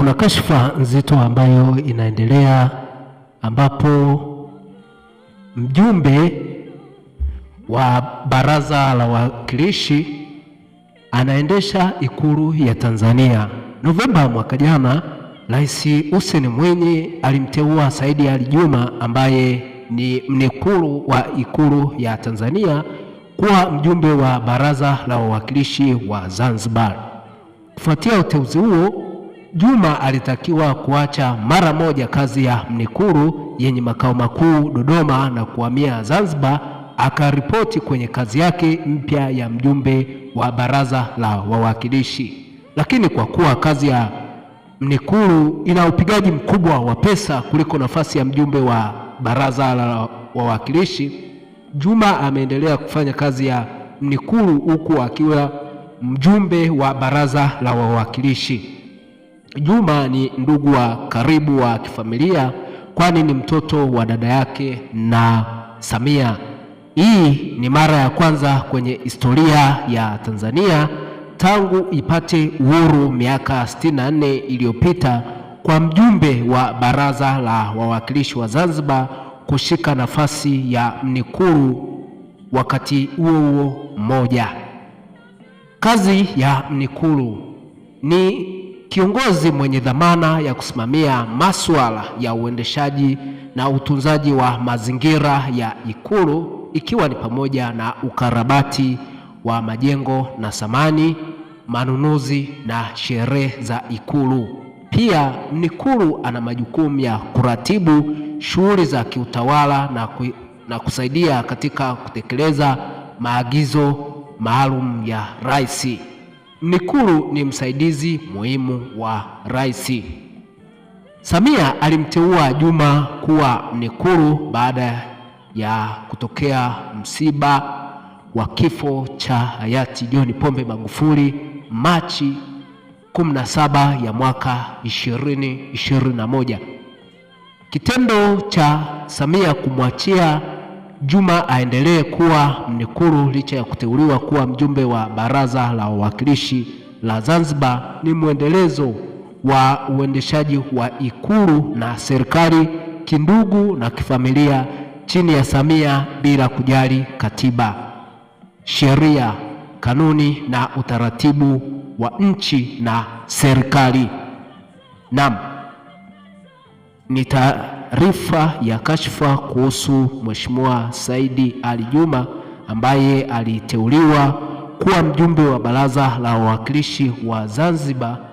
kuna kashfa nzito ambayo inaendelea ambapo mjumbe wa Baraza la Wawakilishi anaendesha Ikulu ya Tanzania. Novemba mwaka jana, Rais Hussein Mwinyi alimteua Saidi Ali Juma ambaye ni mnekuru wa Ikulu ya Tanzania kuwa mjumbe wa Baraza la Wawakilishi wa Zanzibar. Kufuatia uteuzi huo Juma alitakiwa kuacha mara moja kazi ya Mnikuru yenye makao makuu Dodoma na kuhamia Zanzibar, akaripoti kwenye kazi yake mpya ya mjumbe wa Baraza la Wawakilishi. Lakini kwa kuwa kazi ya Mnikuru ina upigaji mkubwa wa pesa kuliko nafasi ya mjumbe wa Baraza la Wawakilishi, Juma ameendelea kufanya kazi ya Mnikuru huku akiwa mjumbe wa Baraza la Wawakilishi. Juma ni ndugu wa karibu wa kifamilia, kwani ni mtoto wa dada yake na Samia. Hii ni mara ya kwanza kwenye historia ya Tanzania tangu ipate uhuru miaka 64 iliyopita kwa mjumbe wa Baraza la Wawakilishi wa Zanzibar kushika nafasi ya mnikuru. Wakati huo huo, mmoja kazi ya mnikuru ni kiongozi mwenye dhamana ya kusimamia masuala ya uendeshaji na utunzaji wa mazingira ya Ikulu ikiwa ni pamoja na ukarabati wa majengo na samani, manunuzi na sherehe za Ikulu. Pia mnikuru ana majukumu ya kuratibu shughuli za kiutawala na, ku, na kusaidia katika kutekeleza maagizo maalum ya rais. Mnikuru ni msaidizi muhimu wa rais. Samia alimteua Juma kuwa mnikuru baada ya kutokea msiba wa kifo cha hayati John Pombe Magufuli Machi 17 ya mwaka 2021. Kitendo cha Samia kumwachia Juma aendelee kuwa Mnikuru licha ya kuteuliwa kuwa mjumbe wa Baraza la Wawakilishi la Zanzibar ni mwendelezo wa uendeshaji wa Ikulu na serikali kindugu na kifamilia chini ya Samia bila kujali katiba, sheria, kanuni na utaratibu wa nchi na serikali. Naam, nita taarifa ya kashfa kuhusu Mheshimiwa Saidi Ali Juma ambaye aliteuliwa kuwa mjumbe wa Baraza la Wawakilishi wa Zanzibar